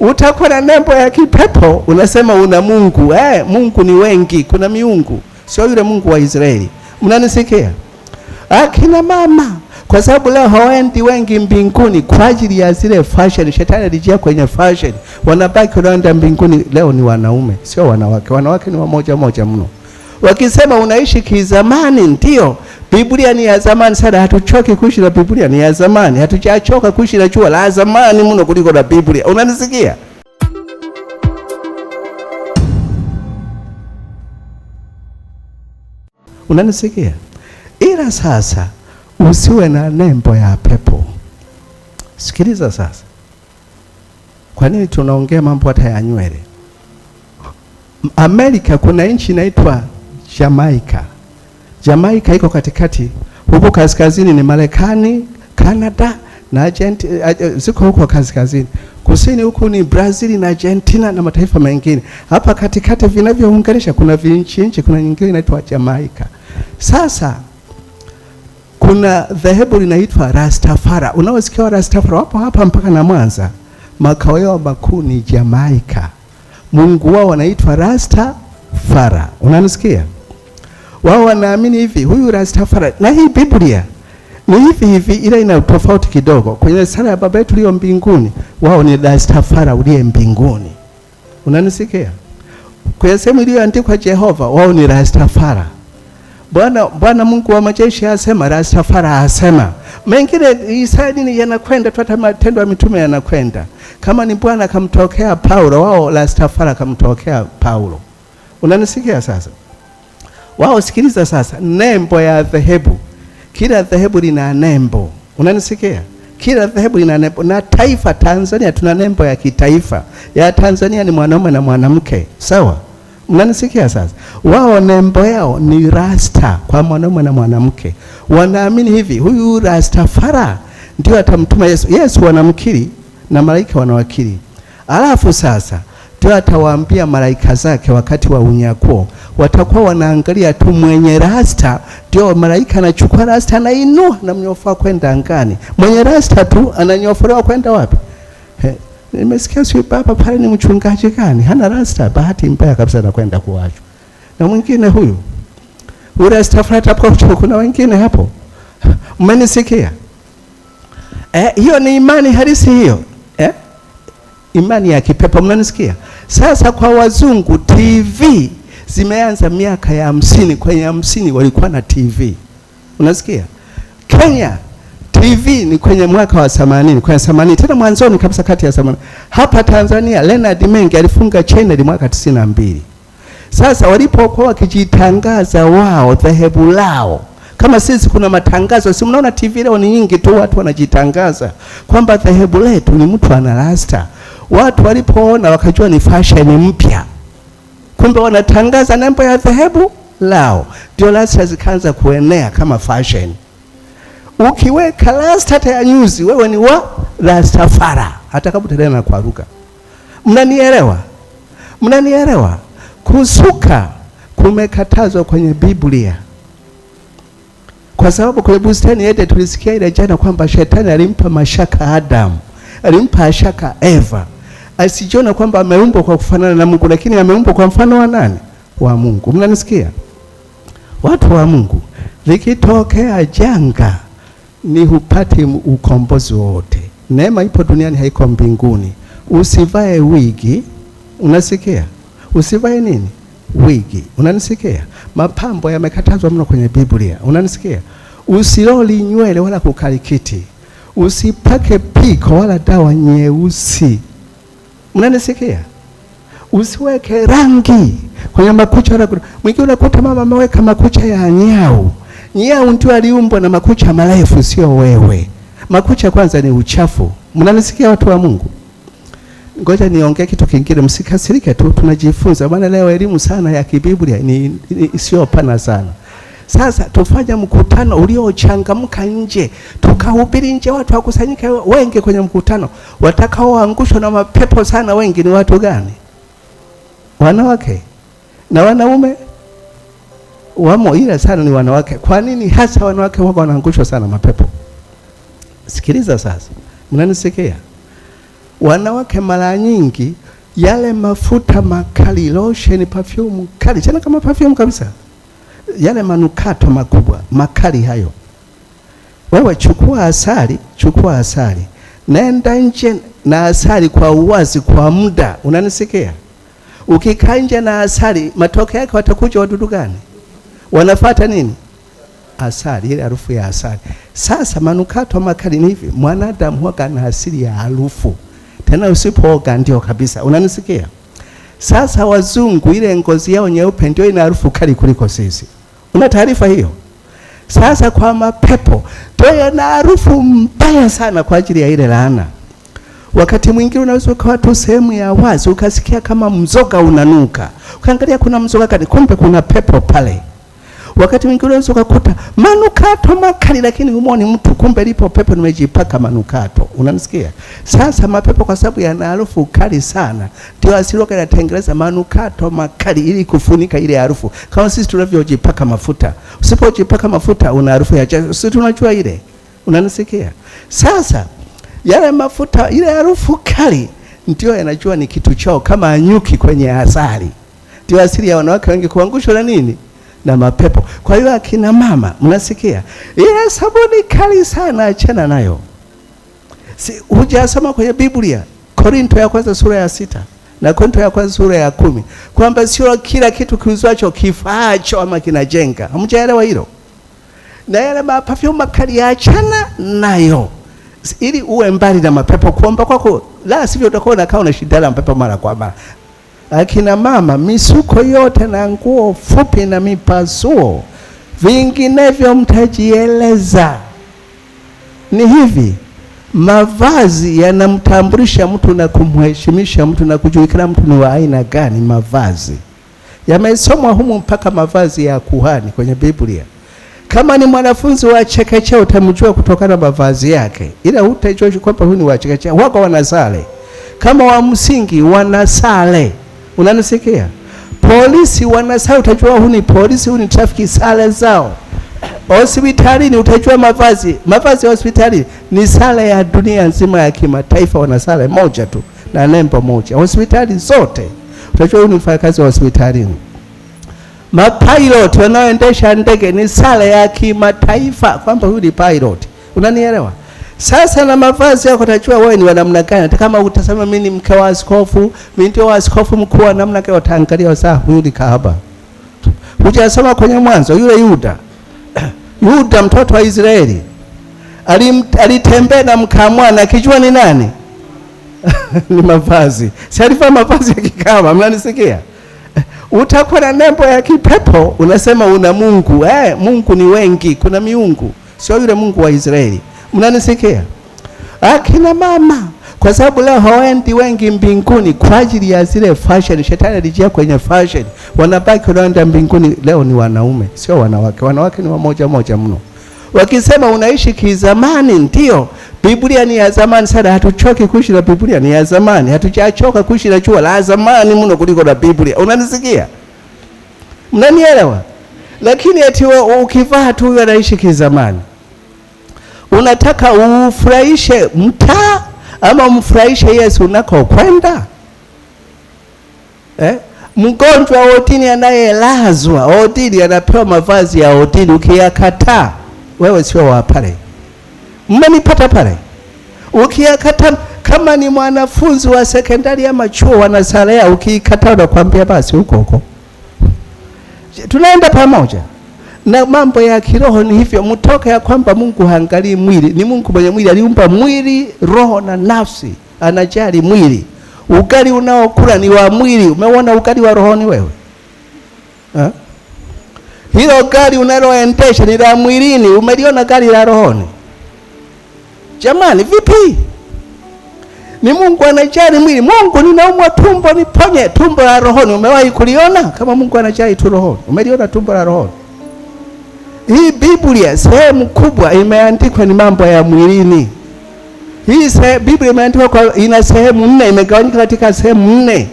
utakuwa na nembo ya kipepo. Unasema una Mungu eh, Mungu ni wengi, kuna miungu, sio yule Mungu wa Israeli. Mnanisikia akina mama? Kwa sababu leo hawaendi wengi mbinguni kwa ajili ya zile fashion. Shetani alijia kwenye fashion, wanabaki wanaenda mbinguni leo ni wanaume, sio wanawake. Wanawake ni wamoja moja mno, wakisema unaishi kizamani, ndio Biblia ni ya zamani sana, hatuchoki kuishi na Biblia. Ni ya zamani, hatuchachoka kuishi na chuo la zamani mno kuliko na Biblia. Unanisikia? Unanisikia? Ila sasa usiwe na nembo ya pepo. Sikiliza sasa, kwa nini tunaongea mambo hata ya nywele? Amerika kuna nchi inaitwa Jamaika. Jamaika iko katikati, huko kaskazini ni Marekani, Canada na Argentina, eh, eh, ziko huko kaskazini. Kusini huku ni Brazil na Argentina na mataifa mengine. Hapa katikati vinavyounganisha kuna vinchi nchi, kuna nyingine inaitwa Jamaika. Sasa kuna dhehebu linaitwa Rastafara. Unaosikia Rastafara wapo hapa mpaka na Mwanza. Makao yao makuu ni Jamaika. Mungu wao wanaitwa Rastafara. Unanisikia? wao wanaamini hivi, huyu Rastafari. Na hii Biblia ni hivi hivi, ila ina tofauti kidogo. Kwenye sala ya Baba yetu uliye mbinguni, wao ni Rastafari uliye mbinguni. Unanisikia? Kwenye sehemu iliyoandikwa Jehova, wao ni Rastafari. Bwana Bwana Mungu wa majeshi asema, Rastafari asema. Mengine Israeli yanakwenda tu, hata matendo ya mitume yanakwenda. Kama ni Bwana akamtokea Paulo, wao Rastafari akamtokea Paulo. Unanisikia sasa? wao. Sikiliza sasa, nembo ya dhehebu. Kila dhehebu lina nembo, unanisikia? Kila dhehebu lina nembo, na taifa Tanzania tuna nembo ya kitaifa ya Tanzania ni mwanaume na mwanamke, sawa? Mnanisikia sasa? Wao nembo yao ni rasta kwa mwanaume na mwanamke. Wanaamini hivi, huyu fara ndio atamtuma Yesu. Yesu wanamkiri na malaika wanawakiri, alafu sasa ndio atawaambia malaika zake wakati wa unyakuo watakuwa wanaangalia tu mwenye rasta, ndio malaika anachukua rasta, anainua namnyofoa kwenda angani. Mwenye rasta tu ananyofolewa kwenda wapi? Nimesikia sio baba pale, ni mchungaji gani hana rasta, bahati mbaya kabisa, anakwenda kuachwa na mwingine huyu kwa Kuna wengine hapo, mmenisikia? Eh, hiyo ni imani halisi hiyo eh? Imani ya kipepo mnanisikia? Sasa kwa wazungu TV zimeanza miaka ya hamsini. Kwenye hamsini walikuwa na TV, unasikia? Kenya TV ni kwenye mwaka wa 80, kwenye 80 tena mwanzoni kabisa kati ya 80. Hapa Tanzania Leonard Mengi alifunga channel mwaka 92. Sasa walipokuwa wakijitangaza wao dhehebu lao kama sisi kuna matangazo, si mnaona TV leo ni nyingi tu, watu wanajitangaza kwamba dhehebu letu ni mtu ana rasta. Watu walipoona wakajua ni fashion mpya, kumbe wanatangaza nembo ya dhehebu lao. Ndio rasta zikaanza kuenea kama fashion. Ukiweka rasta hata ya nyuzi, wewe ni wa Rastafara, hata kama utaendelea na kuaruka. Mnanielewa? Mnanielewa? Kusuka kumekatazwa kwenye Biblia, kwa sababu kwenye bustani yete tulisikia ile jana kwamba shetani alimpa mashaka Adamu, alimpa shaka Eva asijiona kwamba ameumbwa kwa kufanana na Mungu, lakini ameumbwa kwa mfano wa nani? Wa Mungu. Mnanisikia watu wa Mungu? Likitokea janga, ni hupati ukombozi wote. Neema ipo duniani, haiko mbinguni. Usivae wigi, unasikia? Usivae nini? Wigi, unanisikia? Mapambo yamekatazwa mno kwenye Biblia, unanisikia? Usiloli nywele wala kukalikiti, usipake piko wala dawa nyeusi Mnanisikia? Usiweke rangi kwenye makucha yako. Mwingine unakuta mama ameweka makucha ya nyau. Nyau ndio aliumbwa na makucha marefu, sio wewe. Makucha kwanza ni uchafu. Mnanisikia watu wa Mungu? Ngoja niongee kitu kingine, msikasirike tu, tunajifunza. Bwana, leo elimu sana ya kibiblia ni, ni sio pana sana. Sasa tufanye mkutano uliochangamka nje, tukahubiri nje, watu wakusanyike wengi kwenye mkutano. Watakaoangushwa na mapepo sana wengi ni watu gani? Wanawake na wanaume wamo, ila sana ni wanawake. Kwa nini hasa wanawake wako wanaangushwa sana mapepo? Sikiliza sasa, mnanisikia? Wanawake mara nyingi yale mafuta makali, lotion, perfume kali tena, kama perfume kabisa yale manukato makubwa makali hayo. Wewe chukua asali, chukua asali, nenda nje na asali kwa uwazi kwa muda. Unanisikia? Ukikaa nje na asali, matokeo yake watakuja wadudu gani? Wanafata nini? Asali, ile harufu ya asali. Sasa manukato makali ni hivi, mwanadamu huwa na asili ya harufu, tena usipooga ndio kabisa. Unanisikia? Sasa wazungu ile ngozi yao nyeupe ndio ina harufu kali kuliko sisi. Una taarifa hiyo? Sasa kwa mapepo toyo na harufu mbaya sana kwa ajili ya ile laana. Wakati mwingine unaweza ukawa tu sehemu ya wazi ukasikia kama mzoga unanuka, ukaangalia kuna mzoga gani, kumbe kuna pepo pale. Wakati mwingine unaweza ukakuta manukato makali, lakini humo ni mtu, kumbe lipo pepo nimejipaka manukato. Unanisikia? Sasa mapepo kwa sababu yana harufu kali sana, ndio asili yake inatengeneza manukato makali ili kufunika ile harufu, kama sisi tunavyojipaka mafuta. Usipojipaka mafuta una harufu ya jasho, sisi tunajua ile. Unanisikia? Sasa yale mafuta, ile harufu kali ndio yanajua ni kitu chao, kama nyuki kwenye asali. Ndio asili ya wanawake wengi kuangushwa na nini? na mapepo. Kwa hiyo akina mama, mnasikia ile sabuni kali sana, achana nayo. Si hujasoma kwenye Biblia Korinto ya kwanza sura ya sita na Korinto ya kwanza sura ya kumi kwamba sio kila kitu kiuzwacho kifaacho ama kinajenga. Hamjaelewa hilo? Na yale mapafyumu makali achana nayo ili uwe mbali na mapepo kuomba kwako, la sivyo utakuwa unakaa na shida la mapepo mara kwa mara akina mama, misuko yote na nguo fupi na mipasuo, vinginevyo mtajieleza. Ni hivi, mavazi yanamtambulisha mtu na kumheshimisha mtu na kujulikana mtu ni wa aina gani. Mavazi yamesomwa humu mpaka mavazi ya kuhani kwenye Biblia. Kama ni mwanafunzi wa chekechea utamjua kutokana na mavazi yake, ila hutajua kwamba huyu ni wa chekechea. Wako wanasale kama wa msingi, wanasale Unanisikia? Polisi wanasa utajua huu ni polisi, huu ni trafiki, sare zao. Hospitalini utajua mavazi, mavazi ya hospitali ni sare ya dunia nzima, ya kimataifa wana sare moja tu na nembo moja, hospitali zote utajua huu ni mfanyakazi wa hospitalini. Mapilot wanaoendesha ndege ni sare ya kimataifa, kwamba huyu ni pilot. Unanielewa? Sasa na mavazi yako najua wewe ni wa namna gani. Hata kama utasema mimi ni mke wa askofu, mimi ndio wa askofu mkuu wa namna gani, utaangalia sasa huyu ni kahaba. Hujasoma kwenye Mwanzo yule Yuda. Yuda mtoto wa Israeli. Alitembea na na kijua ni nani? ni mavazi. Si alivaa mavazi ya kikahaba, mnanisikia? Utakuwa na nembo ya kipepo, unasema una Mungu. Eh, Mungu ni wengi, kuna miungu. Sio yule Mungu wa Israeli. Mnanisikia? Akina mama kwa sababu leo hawaendi wengi mbinguni kwa ajili ya zile fashion. Shetani alijia kwenye fashion, wanabaki wanaenda mbinguni. Leo ni wanaume, sio wanawake. Wanawake ni wamoja moja mno. Wakisema unaishi kizamani, ndio Biblia ni ya zamani sana. Hatuchoki kuishi na Biblia, ni ya zamani. Hatujachoka kuishi na chuo la zamani mno kuliko na Biblia. Unanisikia? Mnanielewa? Lakini eti ukivaa tu anaishi kizamani Unataka ufurahishe mtaa ama umfurahishe Yesu unakokwenda eh? Mgonjwa wa hoteli anayelazwa hoteli anapewa mavazi ya hoteli, ukiyakataa wewe sio wa pale. Mmenipata pale? Ukiyakataa kama ni mwanafunzi wa sekondari ama chuo wanasarea, ukiikataa unakwambia basi huko huko. Tunaenda pamoja na mambo ya kiroho ni hivyo, mtoka ya kwamba Mungu haangalii mwili. Ni Mungu mwenye mwili, aliumba mwili, roho na nafsi, anajali mwili. Ugali unaokula ni wa mwili, umeona? Ugali wa rohoni wewe ha? Hilo gari unaloendesha ni la mwilini, umeliona gari la rohoni? Jamani, vipi? Ni Mungu anajali mwili. Mungu, ninaumwa tumbo, niponye. Tumbo la rohoni umewahi kuliona? Kama Mungu anajali tu rohoni, umeliona tumbo la rohoni? hii Biblia sehemu kubwa imeandikwa ni mambo ya mwilini. Hii se, Biblia imeandikwa kwa, ina sehemu nne, imegawanyika katika sehemu nne.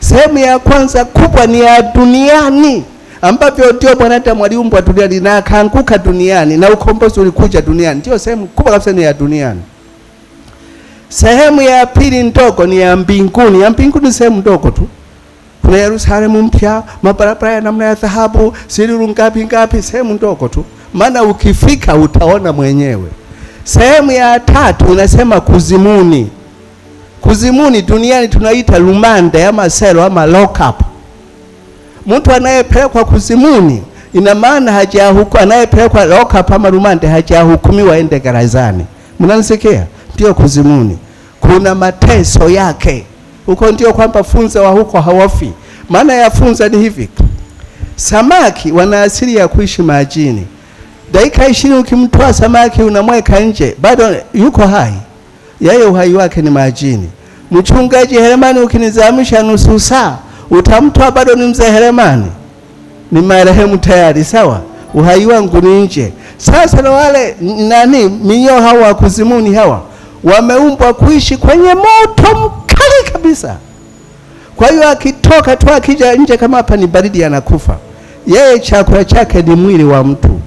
Sehemu ya kwanza kubwa ni ya duniani ambavyo ndio mwanadamu aliumbwa duniani na akaanguka duniani na ukombozi ulikuja duniani. Ndio sehemu kubwa kabisa ni ya duniani. Sehemu ya pili ndogo ni ya mbinguni. Ya mbinguni sehemu ndogo tu na Yerusalemu mpya, mabarabara ya namna ya dhahabu, siri ngapi ngapi, sehemu ndogo tu, maana ukifika utaona mwenyewe. Sehemu ya tatu unasema kuzimuni. Kuzimuni duniani tunaita lumande ama selo ama lock up. Mtu anayepelekwa kuzimuni ina maana hajahuku, anayepelekwa lock up ama lumande hajahukumiwa ende gerezani. Mnanisikia? Ndio kuzimuni, kuna mateso yake huko. Ndio kwamba funza wa huko hawafi, maana ya funza ni hivi, samaki wana asili ya kuishi majini. Dakika ishirini ukimtoa samaki unamweka nje, bado yuko hai, yeye uhai wake ni majini. Mchungaji Heremani, ukinizamisha nusu saa, utamtoa bado ni mzee Heremani, ni marehemu tayari. Sawa, uhai wangu ni nje. Sasa na wale nani minyoo hawa wa kuzimuni hawa wameumbwa kuishi kwenye moto mkali kabisa. Kwa hiyo aki Akitoka tu akija nje, kama hapa ni baridi, anakufa yeye. Chakula chake ni mwili wa mtu,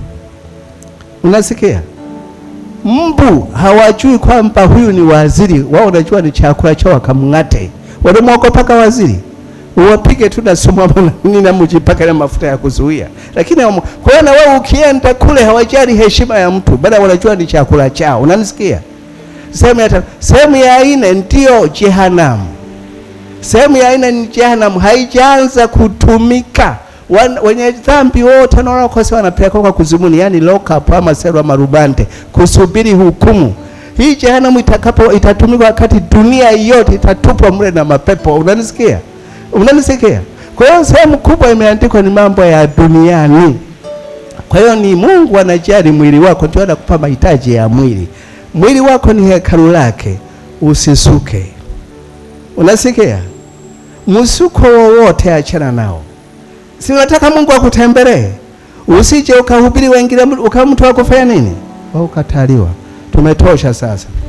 unasikia? Mbu hawajui kwamba huyu ni waziri wao, wanajua ni chakula chao, wakamng'ate. Wanamwogopaka waziri, uwapige tu na sumu hapo na mjipaka na mafuta ya kuzuia. Lakini kwa hiyo na wewe ukienda kule hawajali heshima ya mtu, bali wanajua ni chakula chao, unanisikia? Sehemu ya sehemu ya nne ndio jehanamu. Sehemu ya aina ni jehanamu, haijaanza kutumika. Wan, wenye dhambi wote wanaokosa wanapelekwa kwa kuzimuni, yani lock up ama selwa marubante kusubiri hukumu. Hii jehanamu itakapo itatumika wakati dunia yote itatupwa mle na mapepo. Unanisikia? Unanisikia? Kwa hiyo sehemu kubwa imeandikwa ni mambo ya duniani. Kwa hiyo ni Mungu anajali mwili wako, ndio anakupa mahitaji ya mwili. Mwili wako ni hekalu lake, usisuke. Unasikia? msuko wowote achana nao. Si unataka Mungu akutembelee, usije ukahubiri wengine ukawa mtu kufanya nini, ukataliwa. Tumetosha sasa.